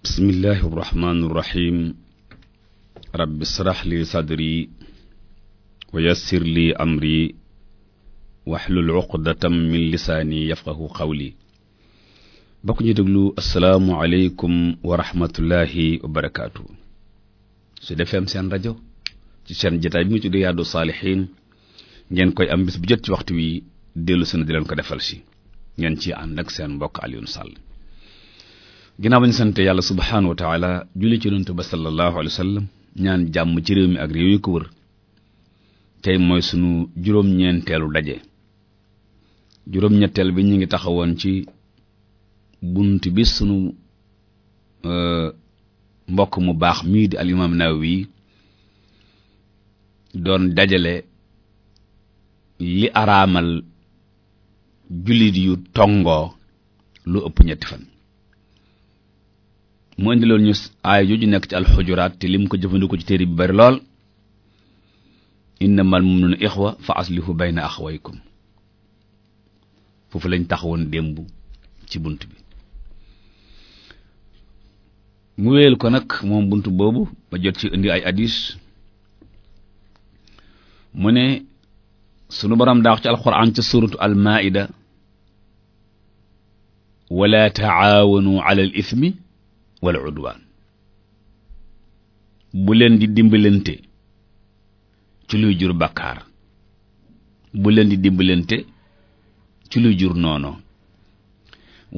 bismillahi irrahmani irrahim rabbi srax li sadri wa yassir li amri waxlul uqdatam min lisaani yafqahu qawli bokk ñu déglu asalaamu aleykum wa rahmatullahi wa barakaatu su defee am seen rajo ci seen jataay bi mu tuddee Riyadou Salihine ngeen koy am bis bu jot ci waxtu wi dellu seen di leen ko defal si ngeen ci ànd ak seen mbokk Alioune Sall ginnaaw ba ñu sant yàlla subhaanahu wa taala julli ci yonent ba sallallahu alayhi wa sallam ñaan jàmm ci réew mi ak réew yi ko wër tey mooy sunu juróom-ñeenteelu daje juróom-ñetteel bi ñu ngi taxawoon ci bunt bi sunu euh, mbokk mu baax mii di al imaam Nawawi doon dajale li araamal jullit yu tongoo lu ëpp ñetti fan mu indi loolu ñu aaya jooju nekk ci alxujuraat te mu ko jëfandikoo ci téere bi bari lool innamal mu'minuna ixwa fa aslihu bayna axwaykum foofu lañ taxawoon démb ci bunt bi mu wéyal ko nag moom bunt boobu ba jot ci indi ay hadis mu ne sunu borom daa wax ci alquran ci suratu almaida wala taawanu al ithmi wala udwaan bu leen di dimbalante ci luy jur bàkkaar bu leen di dimbalante ci luy jur noono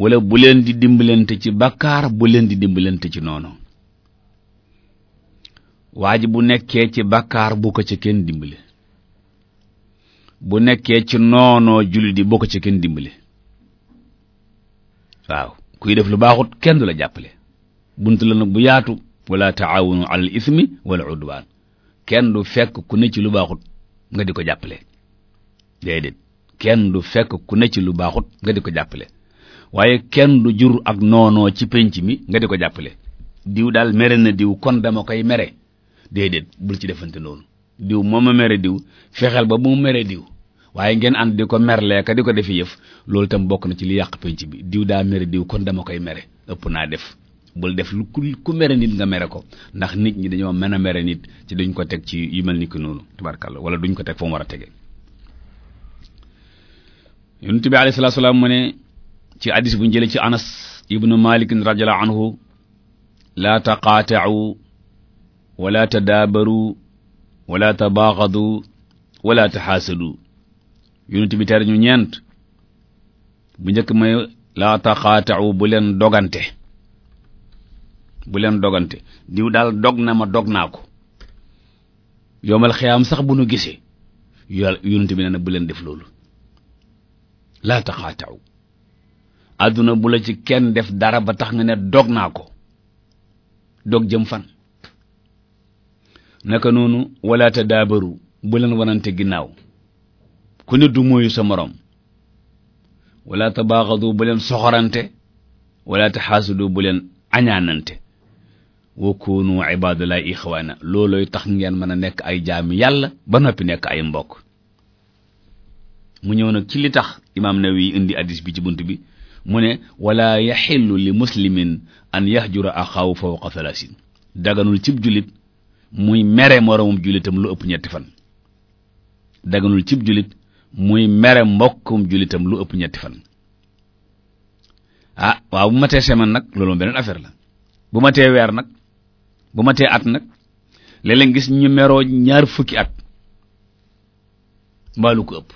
wala bu leen di dimbalante ci bàkkaar bu leen di dimbalante ci noono waa ji bu nekkee ci bàkkaar bu ko ca kenn dimbale bu nekkee ci noonoo jullit di bu ko ci kenn dimbale waaw kuy def lu baaxut kenn du la jàppale bunt la nag bu yaatu wala taawunu al ismi wala udwaan kenn du fekk ku ne ci lu baaxut nga di ko jàppale déedéet kenn du fekk ku ne ci lu baaxut nga di ko jàppale waaye kenn du jur ak noonoo ci penc mi nga di ko jàppale diw daal mere na diw kon dama koy mere déedéet bul ci defante noonu diw moom a mere diw fexeel ba mu mere diw waaye ngeen ànd di ko merlee ka di ko defi yëf loolu tam bokk na ci lu yàq penc bi diw daa mere diw kon dama koy mere ëpp naa def bul def lu ku ku mere nit nga mere ko ndax nit ñi dañoo mën a mere nit ci duñ ko teg ci yu mel ni ki noonu tubaarkàlla wala duñ ko teg fa mu war a tege yonent bi alayhi salaam mu ne ci hadis bu njële ci anas ibnu malik radiyallahu anhu laa taqaata'u wala tadaabaru wala tabaaxadu wala taxaasadu yonent bi tere ñu ñeent bu njëkk mooy laa taqaata'u bu leen dogante bu leen dogante diw daal dog na ma dog naa ko yomal xiyaam sax bu nu gisee yàlla yonent bi nee na bu leen def loolu laa taxaataw àdduna bu la ci kenn def dara ba tax nga ne dog naa ko dog jëm fan naka noonu wala tadaabaru bu leen wanante ginnaaw ku ne du mooyu sa moroom wala tabaaxadu bu leen soxorante wala taxaasudu bu leen añaanante wa kunu ibadallahi ixwaana loolooy tax ngeen mën a nekk ay jaami yàlla ba noppi nekk ay mbokk mu ñëw nag ci li tax imaam Nawawi indi hadis bi ci bunt bi mu ne wala yaxillu li muslimin an yahjura axaahu fawqa thalaasin daganul cib julit muy mere moroomum julitam lu ëpp ñetti fan daganul cib julit muy mere mbokkum julitam lu ëpp ñetti fan ah waaw bu ma tee semaine nag loolu beneen affaire la bu ma tee weer nag bu matee at nag léeg gis ñu meroo ñaar fukki at mbaalu ko ëpp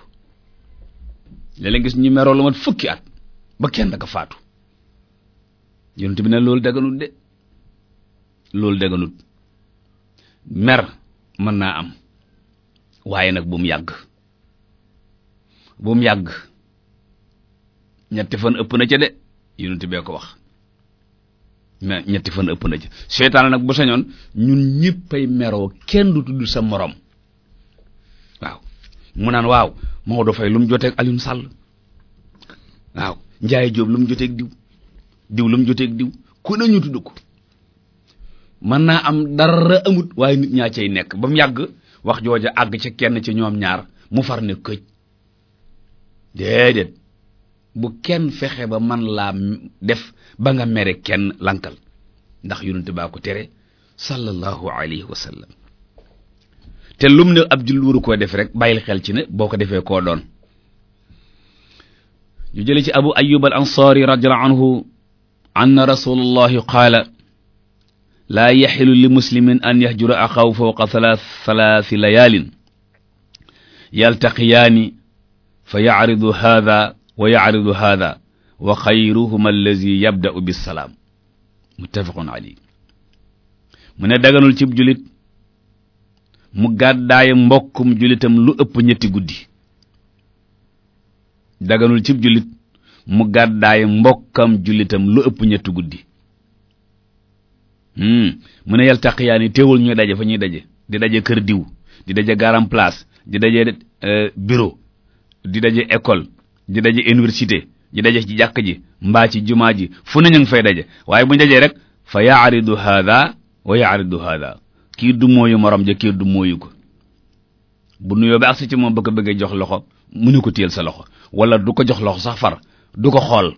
léeg gis ñu meroo lu mat fukki at ba kenn da ko faatu yonent bi ne loolu daganut de loolu daganut mer mën naa am waaye nag bu mu yàgg bu mu yàgg ñetti fan ëpp na ca de yonent bee ko wax mais ñetti fan ëpp na ci seytaane nag bu sañoon ñun ñëppay meroo kenn du tudd sa moroom waaw mu naan waaw Maodo Faye lu mu joteeg Alioune Sall waaw Ndiaye Diop lu mu joteeg diw diw lu mu joteeg diw ku ne ñu tudd ko mën naa am dara amut waaye nit ñaa cay nekk ba mu yàgg wax jooja àgg ca kenn ci ñoom ñaar mu far ne këj déedéet. bu kenn fexe ba man la def ba nga mere kenn lankal ndax yonent baa ko tere sallallahu alayhi wa te lum ne ab jullit waru koo def rek bàyyil xel ci ne boo ko defee koo doon ñu jële ci abu ayyub al ansaari radiyallahu anhu anna rasulullahi qaala li muslimin an yahjura axaw fawqa thalath thalathi layaalin fa yacridu haadha wa yaaridu hada wa xayruhuma allazi yabda'u bisalaam muttafaqun alayhi mu ne daganul cib julit mu gàddaay mbokkum lu ëpp ñetti guddi daganul cib julit mu gàddaaye mbokkam julitam lu ëpp ñetti guddi hmm. mu ne yaltaqiyaani teewul ñuy daje fa ñuy daje di daje kër diw di daje garam di daje eh, bureau di daje école di daje université di daje ci jàkk ji mbaa ci jumaa ji fu ne ñu ngi fay daje waaye bu ñu dajee rek fa yaaridu hada wa yaaridu hada kii du mooyu morom ja kii du mooyu ko bu nuyoo ba agsi ci moom bëgg ko bëggee jox loxo mu ne ko téyel sa loxo wala du ko jox loxo sax far du ko xool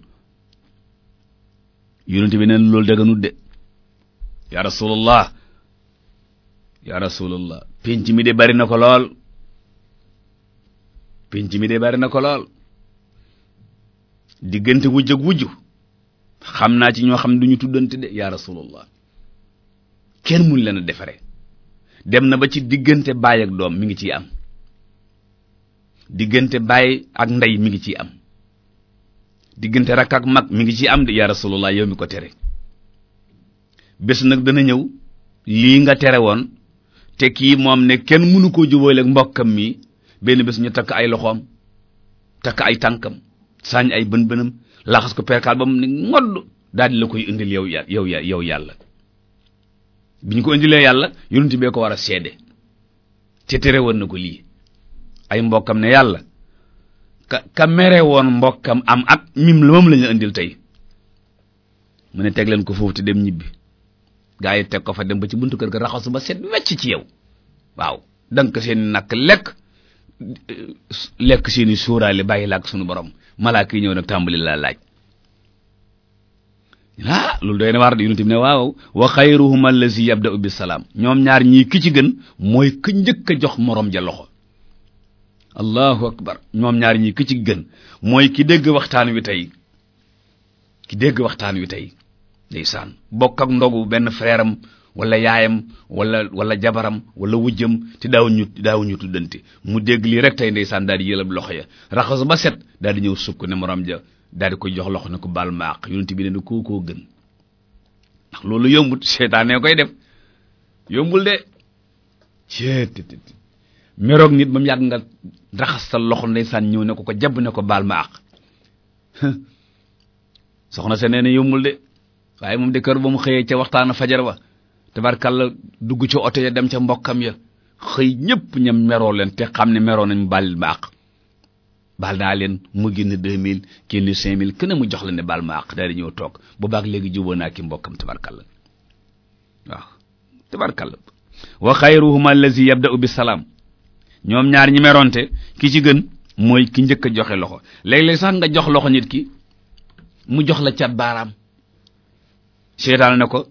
yonent bi neen loolu daganut de ya rasulallah ya rasulallah de bari na ko lool penc mi de bari na ko lool diggante wujj ak wujj xam naa ci ñoo xam ne du tuddante de yaa rasulullah kenn mun leen a defare dem na ba ci diggante baay ak doom mi ngi ciy am diggante baay ak ndey mi ngi ciy am diggante rakk ak mag mu ngi ci am de yaa rasulullah yow mi ko tere bés nag dana ñëw lii nga tere woon te kii moom ne kenn mënu koo jubóole ak mbokkam mi benn bés ñu takk ay loxoom takk ay tànkam sañ ay bën bënam laxas ko perkaal ba mu ne ngodd daal la koy indil yow yà yow yà yow yàlla bi ñu ko indilee yàlla yonent bee ko war a seede ci tere woon na ko lii ay mbokkam ne yàlla ka mere woon mbokkam am ak mim la moom lañ la tey mu ne teg leen ko foofu te dem ñibbi gaa yi teg ko fa dem ba ci buntu kër ga raxasu ba set wecc ci yow waaw dank seen i nakk lekk lekk seen i suuraale bàyyi la ak sunu borom malaaka yi ñëw nag tàmbali laa laaj ah loolu doy na waar de yonent bi ne waaw wa xayruhum ñoom ñaar ñii ki ci gën mooy ki njëkk a jox morom ja loxo allahu akbar ñoom ñaar ñii ki ci gën mooy ki dégg waxtaan wi tey ki dégg waxtaan wi tey ndeysaan bokk ak ndogu benn frère wala yaayam wala wala jabaram wala wujjam te daaw daawuñu tuddante mu dégg lii rek tey ndeysaan daal di yëlab loxo ya raxas ba set daal di ñëw sukk ne morom ja daal di ko jox loxo ne ko baal maaq yonent bi ne ne koo koo seytaane koy def yombul de ceettt meroog nit nga raxas sa loxo ndeysaan ñëw ne ko ko jàbb ne ko baal maaq soxna sa nee na yombul de waaye moom de kër ba mu xëyee ca waxtaana fajar wa la dugg ci oto ya dem ca mbokkam ya xëy ñëpp ñam meroo leen te xam ne meroo nañu baal ma àq baal naa leen mu génn deux mille génn cinq mille kenn mu jox la ne baal ma àq daal ñëw toog bu baax léegi juboo naa ki mbokkam tabarkalla waaw tabarkalla wa xayruhuma allazi da ubbi salaam ñoom ñaar ñi meroonte ki ci gën mooy ki njëkk a joxe loxo léeg-léeg sax nga jox loxo nit ki mu jox la cat baaraam seetaan na ko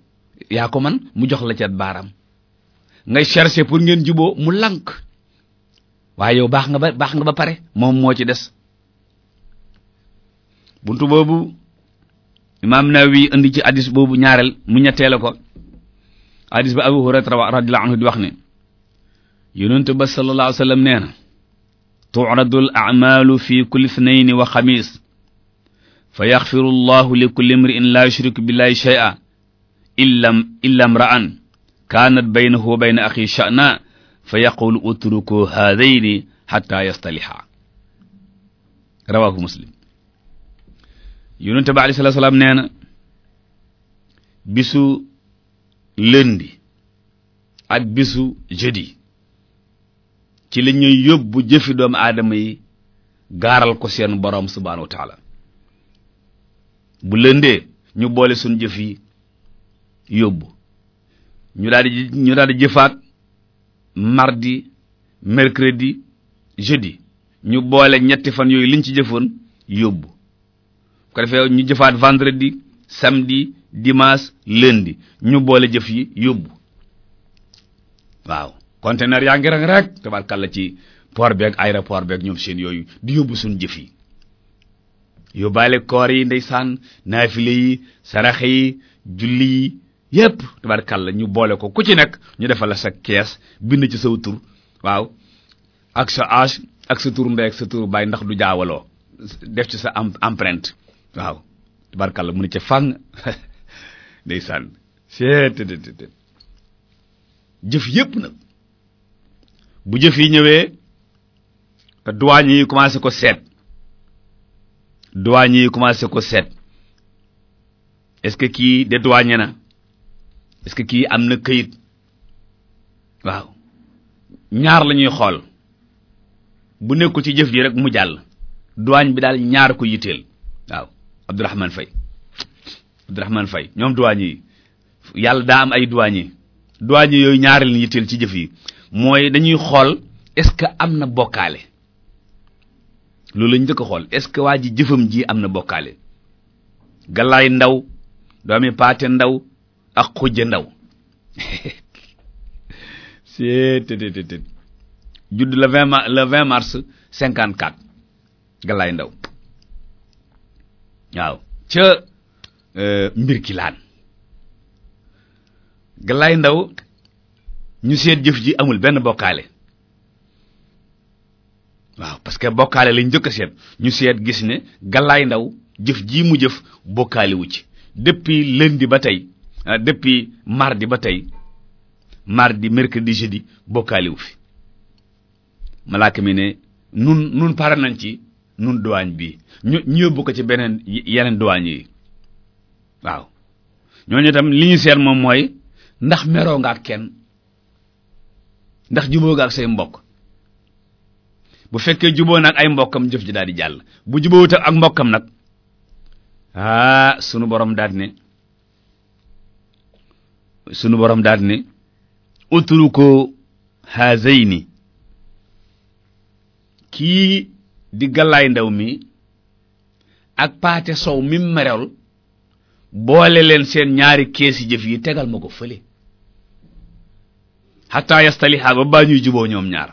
yaa ko man mu jox la cat baaraam ngay chercher pour ngeen juboo mu lànk waaye yow baax nga ba baax nga ba pare moom moo ci des buntu boobu imaam Nawawi indi ci hadis boobu ñaareel mu ñetteela ko hadis ba Abu Hurayra radiyallahu anhu di wax ne yonent ba sallallahu wasallam nee na tu'radu al fi kulli ithnayn wa xamis fa yaxfiru llahu li kulli imri'in la yushriku billahi shay'an illam illam ra'an kaanat baynahu wa bayna axi sha'na fa yaqul utruku haadayni xatta yastaliha rawaahu muslim yonente bi alayhi salaatu salaam nee na bisu lundi ak bisu jeudi ci la ñuy yóbbu jëfi doomu aadama yi gaaral ko seen boroom subhaanahu wa taala bu lëndee ñu boole suñ jëf yi yóbbu ñu daal di ñu daal di jëfaat mardi mercredi jeudi ñu boole ñetti fan yooyu liñ ci jëfoon yóbbu ko defee ñu jëfaat vendredi samedi dimaas lundi ñu boole jëf yi yóbbu waaw conteneur yaa ngi rang rek tabarkàlla ci port beeg aéroport beeg ñoom seen yooyu di yóbbu suñu jëf yi yóbbaale koor yi ndeysaan naafile yi saraxe yi julli yi yépp la ñu boole ko ku ci nekk ñu defal la sa kees bind ci saw tur waaw ak sa âge ak sa tur ndey ak sa tur baay ndax du jaawaloo def ci sa empreinte waaw tubaarkàlla mu ne ca fàng ndeysaan seet jëf yépp nag bu jëf yi ñëwee douane yi commencé ko seet douane yi commencé ko seet est-ce que kii de douane na est que kii am na kayit waaw ñaar la ñuy xool bu nekkul ci jëf ji rek mu jàll duwaañ bi daal ñaar ko yitteel waaw Abdourahmane Faye Abdourahmane Faye ñoom duwaañ yi yàlla daa am ay duwaañ yi duwaañ yooyu ñaar leen yitteel ci jëf yi mooy dañuy xool est-ce que am na bokkaale loolu lañu njëkk xool est-ce que waa ji jëfam ji am na bokkaale galaay ndaw doomi paate ndaw ak xujj ndaw seet judd le vingt ma mars cinquante quatre galay Ndaw waaw ca euh, mbir ki laan Ndaw ñu seet jëf ji amul benn bokkaale waaw parce que bokkaale lañ njëkk a seet ñu seet gis ne Galaay Ndaw jëf ji mu jëf bokkaale wu ci depuis lundi ba tey mar euh, mardi ba tey mar mardi mercredi jeudi bokkaaliwu fi malaaka mi ne nun nun pare nañ ci nun duwaañ bi ñu ñu yóbbu ko ci beneen yeneen duwaañ yi waaw ñooñu tam li ñu seet moom mooy ndax meroo nga ak kenn ndax juboo nga ak say mbokk bu fekkee juboo nag ay mbokkam jëf ji daal di jàll bu juboo ak mbokkam nag ah sunu boroom daal ne sunu borom daal ne utruku haazayni kii di gallaay ndaw mi ak paate sow mi merol boole leen seen ñaari kees keesi jëf yi tegal ma ko fële xataa yastaliha ba baa ñuy juboo ñoom ñaar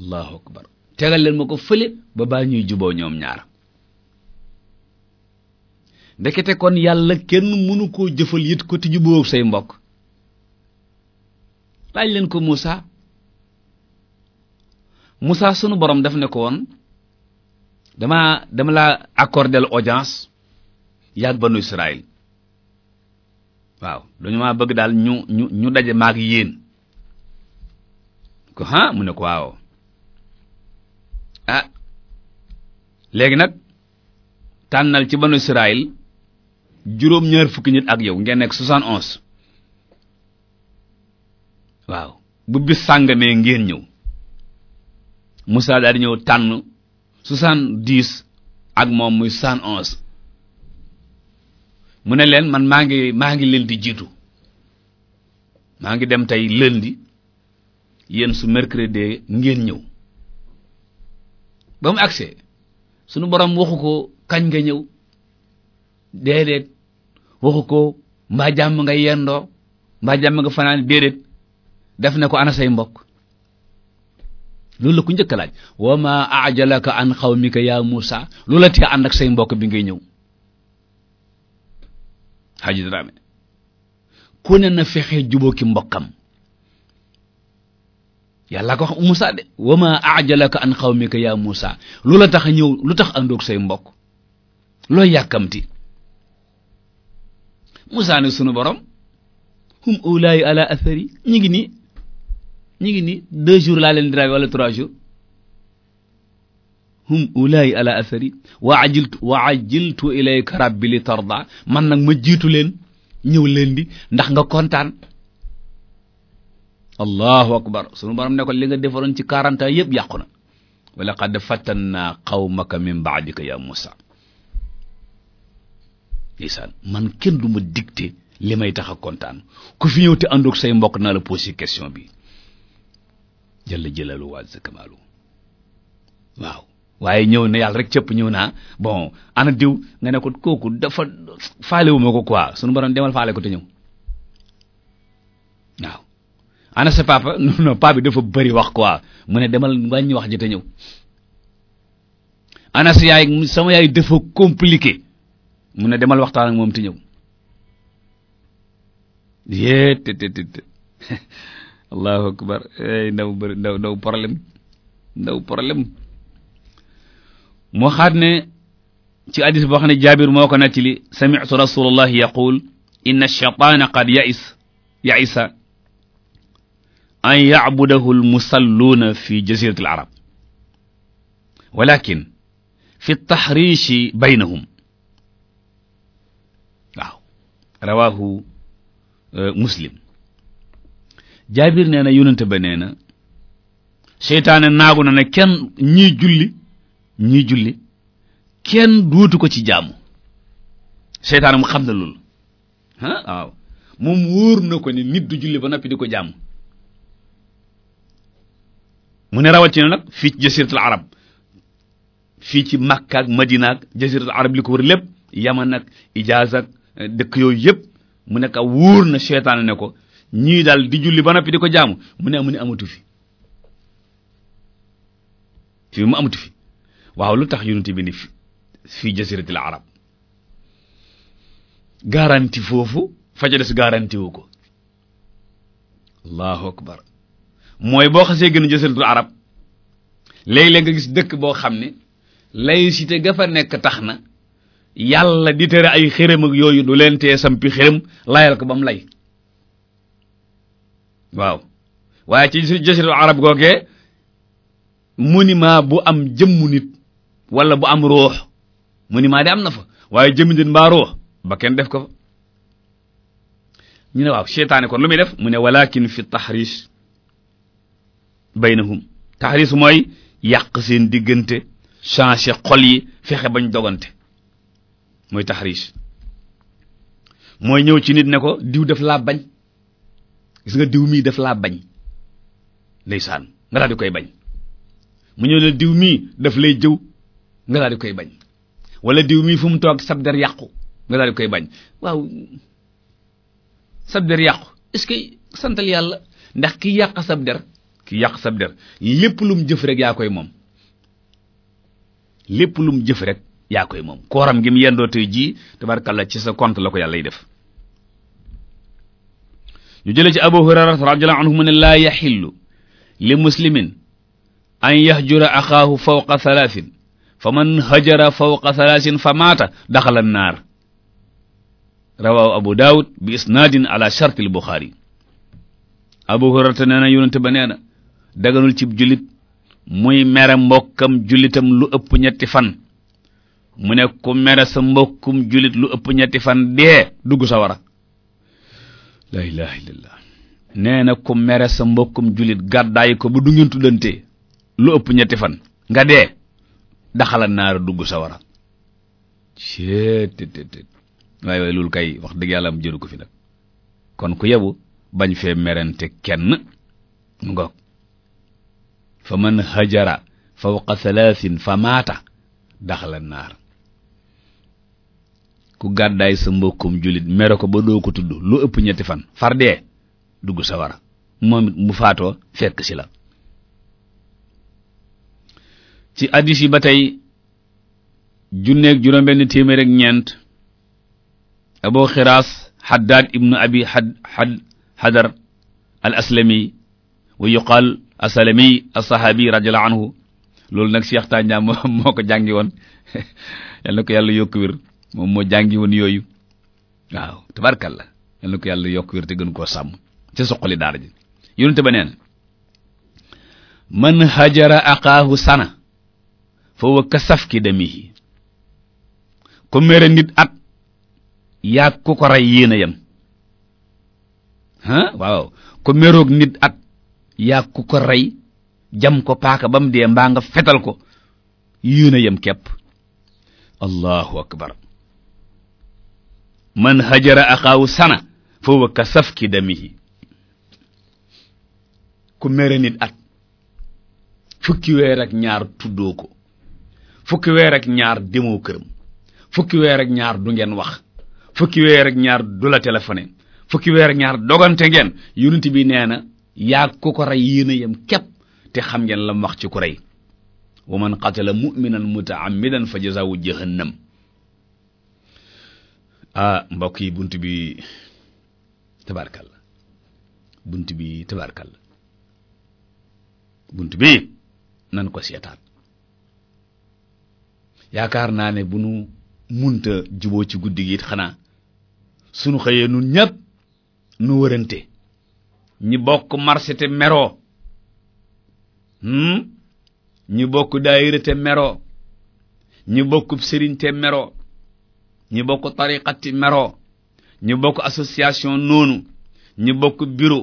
allahu akbar tegal leen ma ko fële ba baa ñuy juboo ñoom ñaar ndekete kon yàlla kenn mënu koo jëfal yit ko ti jubóog say mbokk laaj leen ko Moussa Moussa sunu borom daf ne ko woon dama dama laa accordel audience yàgg banu Israël waaw dañu maa bëgg daal ñu ñu ñu daje maag yéen ko ah mu ne ko waaw ah léegi nag tànnal ci banu Israël juróom ñaar fukki nit ak yow ngeen nekk soixante onze waaw bu bis sàngamee ngeen ñëw Moussa daal ñëw tànn soixante dix ak moom muy soixante onze mu ne leen man maa ngi maa ngi leen di jiitu maa ngi dem tey lundi yéen su mercredi ngeen ñëw ba mu agsee sunu borom waxu ko kañ nga ñëw déedéet waxu ko mbaa jàmm nga yendoo mbaa jàmm nga fanaan déedéet def na ko ana say mbokk loolu la ku njëkk laaj wa ma ajalaka an xawmika ya Musa loola tee ànd ak mbokk bi ngay ñëw xaaji fexe juboo ki mbokkam yàlla ko wax Musa de wa ma ajalaka an xawmika ya Musa loola tax a ñëw lu tax àndoog say mbokk looy yàkkamti Musaa ne sunu borom hum ulaayu ala athari ñu ngi nii ñu ngi nii deux jours laa leen di ray wala trois jours hum ulaayu ala athari wa ajiltu wa ajiltu ilayka rabbi li tarda man nag ma jiitu leen ñëw leen di ndax nga kontaan allahu akbar sunu borom ne ko li nga defaroon ci quarante ans yëpp yàqu na wa laqad fatanna qawmaka min ba'dika ya Musa ndeysaan man kenn du ma dicté li may tax a kontaan ku fi ñëw te àndoog say mbokk naa la posé question bi jalla jëlalu waa zakamalu waaw waaye ñëw na yàlla rek cëpp ñëw naa bon ana diw nga ne ko kooku dafa faalewu ma ko quoi sunu borom demal faale ko te ñëw waaw ana sa papa non papa bi dafa bëri wax quoi mu ne demal wàññi wax ji te ñëw ana sa yaay sama yaay dafa compliqué mu ne demal waxtaan ak moom te ñëw yée te te te allahu akbar ndaw bëri ndaw ndaw problème ndaw problème moo xaat ne ci hadis boo xam ne jaabir moo ko nettali sami'tu rasulullahi yaqul inna ash-shaytaana qad ya'is ya'isa an ya'budahu al-musalluuna fi jazirati al-arab walakin fi at-tahriishi baynahum rawaahu euh, muslim jaabir nee na yonente ba nee na seytaane naagu na ne kenn ñii julli ñii julli kenn dootu ko ci jaamu seytaane mu xam na loolu ah waaw moom wóor na ko ni nit du julli ba noppi di ko jaamu mu ne rawatina nag fii ci jasiratul arab fii ci Makka ak Madina ak jasiratul arab li ko wër lépp yaman ak dëkk yooyu yëpp mu nekk a wóor na seytaane ne ko ñii daal di julli ba noppi di ko jaamu mu ne mu amatu fi fii mu amatu fi waaw lu tax yonent bi ni fii jasiratil arab garanti foofu faja des garanti wu ko allahu akbar mooy boo xasee gën a jasiratul arab léeg-léeg nga gis dëkk boo xam ne laïcité ga fa nekk tax na yàlla di tere ay xërëm yooyu du leen tee sampi xërëm layal ko ba mu lay waaw waaye ci jasirul arab googee monument bu am jëmmu nit wala bu am ruux monument de am na fa waaye jëmmu nit mbaa ruux ba kenn def ko fa ñu ne waaw seytaane kon lu muy def mu ne walakin fi tahrish baynahum tahrish mooy yàq seen diggante changer xol yi fexe bañ dogante mooy taxriij mooy ñëw ci nit ne ko diw def laa bañ gis nga diw mii def laa bañ ndeysaan nga daal di koy bañ mu ñëw ne diw mii daf lay jëw nga daal di koy bañ wala diw mii fu mu toog sab yàqu nga daal di koy bañ waaw sab der yàqu est-ce que santal yàlla ndax ki yàq sab der ki yàq sab der lépp lum jëf rek yaa koy moom lépp lum jëf rek yaa koy moom kooram gi mu yendoo tey jii tabarkalla ci sa compte la ko yàlla lay def ñu jëlee ci abu hurairah radiyallahu anhu ne laa yaxillu li muslimin an yahjura axaahu fawqa fa man hajara fawqa fa maata daxala annaar rawahu abu daawud bi isnaadin ala sharti buxaari abu hurairah nee na yonente ba nee daganul cib jullit muy mere mbokkam jullitam lu ëpp ñetti fan mu ne ku mere sa mbokkum jullit lu ëpp ñetti fan dee dugg sawara la ilaha illallah nee na ku mere sa mbokkum jullit gàddaay ko bu du ngeen tuddante lu ëpp ñetti fan nga dee daxala naara dugg sawara ceetetetet waaye waaye loolu kay wax dëgg yàlla am jëru ko fi nag kon ku yebu bañ fee merente kenn mu nga fa man hajara fawqa fa maata daxala naar ku gàddaay sa mbokkum jullit mere ko ba doo ko tudd lu ëpp ñetti fan far dee dugg sawara moom it mu faatoo fekk si la ci addis yi ba tey junneeg juróom benn téeméer ak ñeent abu xiraas xaddaad ibnu abi xad xadar al aslami wa yuqal asalami asahaabi radiallahu anhu loolu nag Cheikh Tandian moo moo ko jàngi woon ko yàlla yokk wér moom moo jàngi woon yooyu waaw tabarkalla yal na ko yàlla yokk wér te gën koo sàmm ca soqali daara ji yonente ba nee man hajara aqaahu sana fa wa ka safki damihi ku ko a yem ah waaw ku meroog nit at yaag ku ko rey jam ko paaka ba mu dee mbaa nga fetal ko yéen a yem képp allahu akbar mën hajara axaawu sana fa wa ka saf ki damihi ku mere nit at fukki weer ak ñaar tuddoo ko fukki weer ak ñaar demoo fukki weer ak ñaar du ngeen wax fukki weer ak ñaar du la fukki weer ak ñaar dogante ngeen yonent bi nee na yaa ku ko rey yéen a yem te xam ngeen la lam wax ci ku rey wa man qatala mu'minan muta'ammidan fa jazaa'u jahannam ah mbokk yi bunt bi tabarkal la bunt bi tabarkal la bunt bi nan ko seetaat yaakaar naa ne bu nu munta juboo ci guddi gi xanaa sunu xëyee nun ñépp nu wërante ñi bokk marché te meroo hmm? ñi bokk daayira te meroo ñi bokkub sëriñ te meroo ñi bokk tariqati meroo ñu bokk association noonu ñi bokk bureau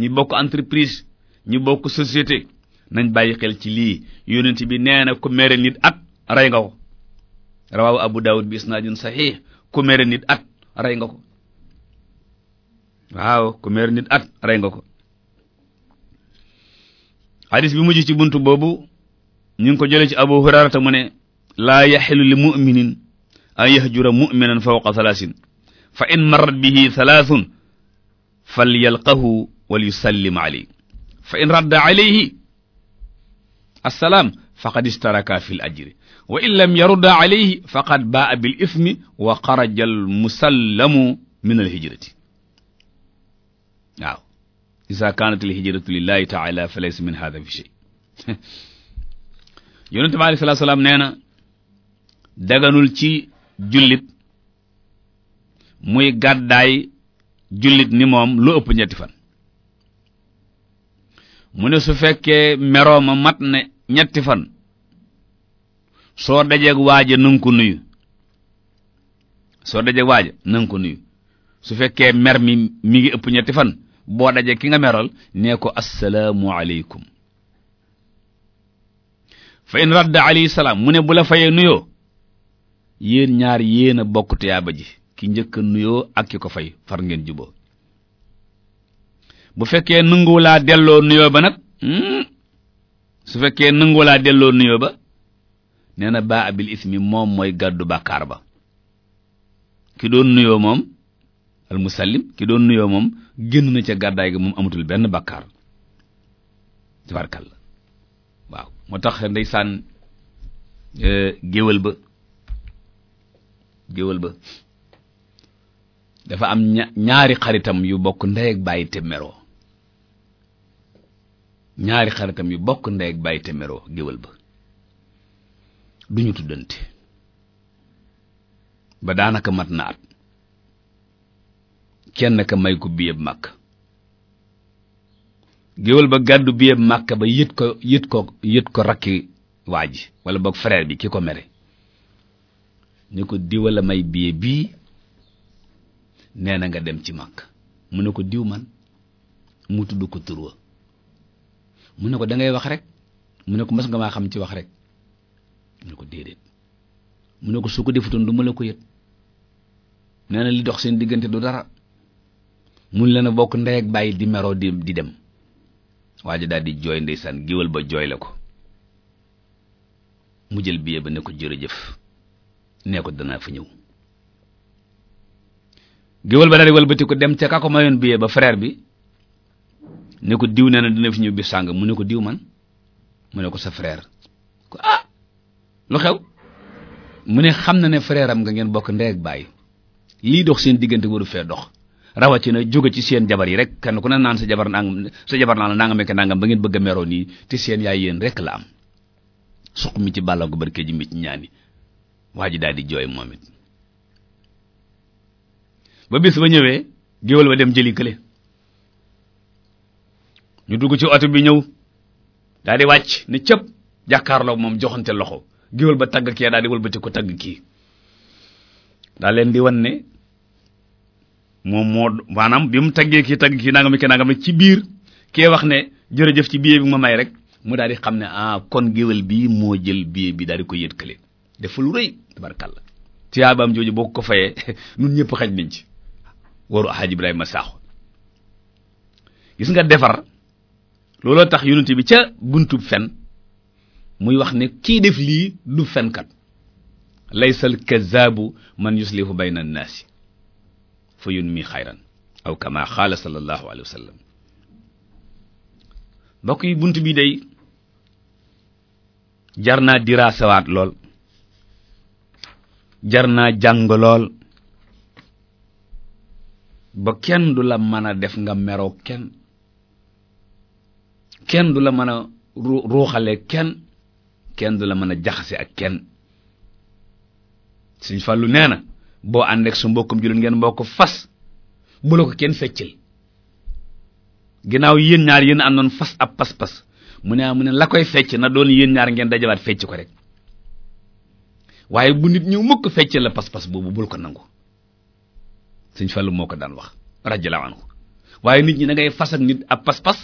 ñu bokk entreprise ñu bokk société nañ bàyyi xel ci lii yonent bi nee na ku mere nit at rey nga ko rawawu abu dawud bi isnaadin saxiix ku mere nit at rey nga ko waaw ku mere nit at rey nga ko xadis bi mujj ci bunt boobu ñu ngi ko jëlee ci abu hurairata mu ne laa yaxilu li muminin an yahjura mu'minan fawqa thalaasin fa in marrat bihi thalaathun falyalqahu wal yusallim alayhi fa in radda alayhi assalaam faqad istaraka fil ajri wa in lam yarudda alayhi faqad baa'a bil ithmi wa xaraja al musallamu min al hijrati waaw isa kanat al hijratu lillahi ta'ala fa laysa min hadha fi shay yonente bi alayhi salaam nee na daganul ci jullit muy gàddaay jullit ni moom lu ëpp ñetti fan mu ne su fekkee meroo ma mat ne ñetti fan soo dajeeg waaja nanga ko nuyu soo dajeeg waaja nanga ko nuyu su fekkee mer mi mi ngi ëpp ñetti fan boo dajeeg ki nga meral nee ko assalaamu aleykum fa in radda alayhi salaam mu ne bu la fayee nuyoo yéen ñaar yéen a bokk tuyaaba ji ki njëkk a nuyoo ak ki ko fay far ngeen juboo bu fekkee nanguwulaa delloo nuyoo ba nag hmm? su fekkee nanguwulaa delloo nuyoo ba nee na baa abil ismi moom mooy gàddu bàkkaar ba ki doon nuyoo moom al ki doon nuyoo moom génn na ca gàddaay gi moom amatul benn bàkkaar tabarkalla waaw moo tax ndeysaan eh, géwél ba géwél ba dafa am ñaari xaritam yu bokk ndey ak ñaari xaritam yu bokk ndey ak bàyyi te meroo géwél ba duñu tuddante ba daanaka mat na kenn ka may ko biyeb màkk géwél ba gàddu biyeb màkk ba yët ko yët ko rakki waa ji wala boog frère bi ki ko mere ne ko diwa la may billet bii nee na nga dem ci màkk mu ne ko diw man mu tudd ko turwa mu ne ko da ngay wax rek mu ne ko mas nga maa xam ci wax rek mu ne ko déedéet mu ne ko su ko defutoon du ma la ko yët nee na li dox seen diggante du dara mun leen a bokk ndey ak bàyyi di meroo di di dem waa ji daal di jooy ndeysaan géwél ba jooy la ko mu jël billet ba ne ko jërëjëf nee ko danaa fa ñëw géwél ba daal di wëlbati ko dem ca ka ko mayoon billet ba frère bi ne ko diw nee na dina fi ñëw bi sàng mu ne ko diw man mu ne ko sa frère ko ah lu xew mu ne xam na ne frère nga ngeen bokk ndey ak baay lii dox seen diggante waru fee dox na jóge ci seen jabar yi rek kenn ku ne naan sa jabar nangam sa jabar naan nangam ak nangam ba ngeen bëgg a meroo nii te seen yaay yéen rek la am suq mi ci bàlla gu barke ji mi ci ñaani waa ji daal di jooy moom ba bis ba ñëwee géwél ba dem jëli kële ñu dugg ci oto bi ñëw daal di wàcc ne cëpp jàkkaarloo moom joxante loxo géwél ba tagg kii daal di ko tagg kii daal leen di wan ne moom moo maanaam bi mu taggee kii tagg kii nangam kii nangam ci biir kee wax ne jërëjëf ci biir bi ma may rek mu daal di xam ne ah kon géwél bi moo jël billet bi daal di ko yët kële deful fa lu rëy tabarkàlla tiyaabaam jooju boo ko fayee nun ñëpp xaj nañ ci waru Hadj ma Sakho gis nga defar looloo tax yonent bi ca buntu fen muy wax ni kii def lii du fenkat laysal kazaabu man yuslihu bayna annaasi fa yunmi xayran aw kama qaala sallallahu alayhi wa sallam mbokk yi bunt bi day jar naa diraasawaat lool jar naa jàng lool ba kenn du la mën a def nga meroo kenn kenn du la mën a ruuxale kenn kenn du la mën a jaxase ak kenn suñ fàllu nee na boo ànd su mbokkum jullit ngeen mbokk fas bu la ko kenn feccil ginnaaw yéen ñaar yéen àndoon fas ab pas-pas mu ne mu ne la koy fecc na doon yéen ñaar ngeen dajalaat fecc ko rek waaye bu nit ñëw mukk fecc la pas-pas boobu bul ko nangu sëñ Fallou moo ko daan wax radiyallahu anhu waaye nit ñi da ngay fas ak nit ab pas-pas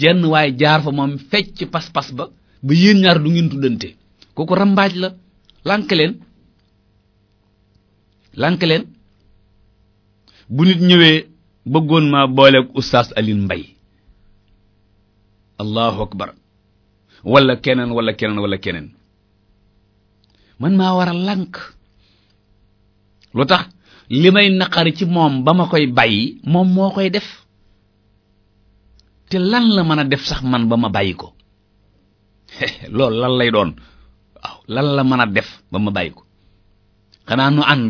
jenn waaye jaar fa moom fecc pas-pas ba ba yéen ñaar du ngeen tuddante kooku rambaaj la lànk leen lànk leen bu nit ñëwee bëggoon ma booleeg oustaz Alioune Mbaye allahu akbar wala keneen wala keneen wala keneen man maa wara a lànk lu tax li may naqari ci moom ba ma koy bàyyi moom moo koy def te lan la mën a def sax man ba ma bàyyi ko lool lan lay doon waaw lan la mën a def ba ma bàyyi ko xanaa nu ànd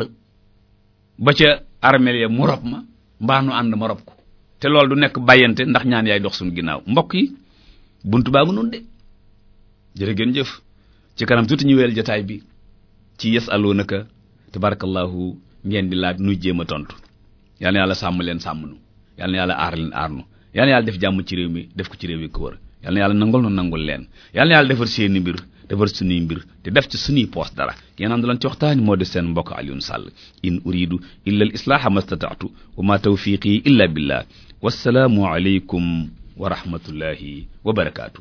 ba ca armeel ya mu rob ma mbaa nu ànd ma rob ko te loolu du nekk bàyyante ndax ñaan yaay dox suñu ginnaaw mbokk yi buntu baa ngi noonu de jërë ngeen jëf ci kanam tuuti ñu weel jotaay bi ci yasalunaka tabarakallahu ngeen di laaj nu jéem a tontu yal na yàlla sàmm leen sàmm nu yal na yàlla aar leen aar nu yal na yàlla def jàmm ci réew mi def ko ci réew yi ko wër yal na yàlla nangul nu nangul leen yal na yàlla defar seeni mbir defar suñuy mbir te def ci suñuy poos dara yéen am doon ci waxtaan moo di seen mbokk Alioune Sall in uridu illa al islaaha mastata'tu wa ma tawfiqi illa wa wassalaamu aleykum wa rahmatullahi wa barakaatu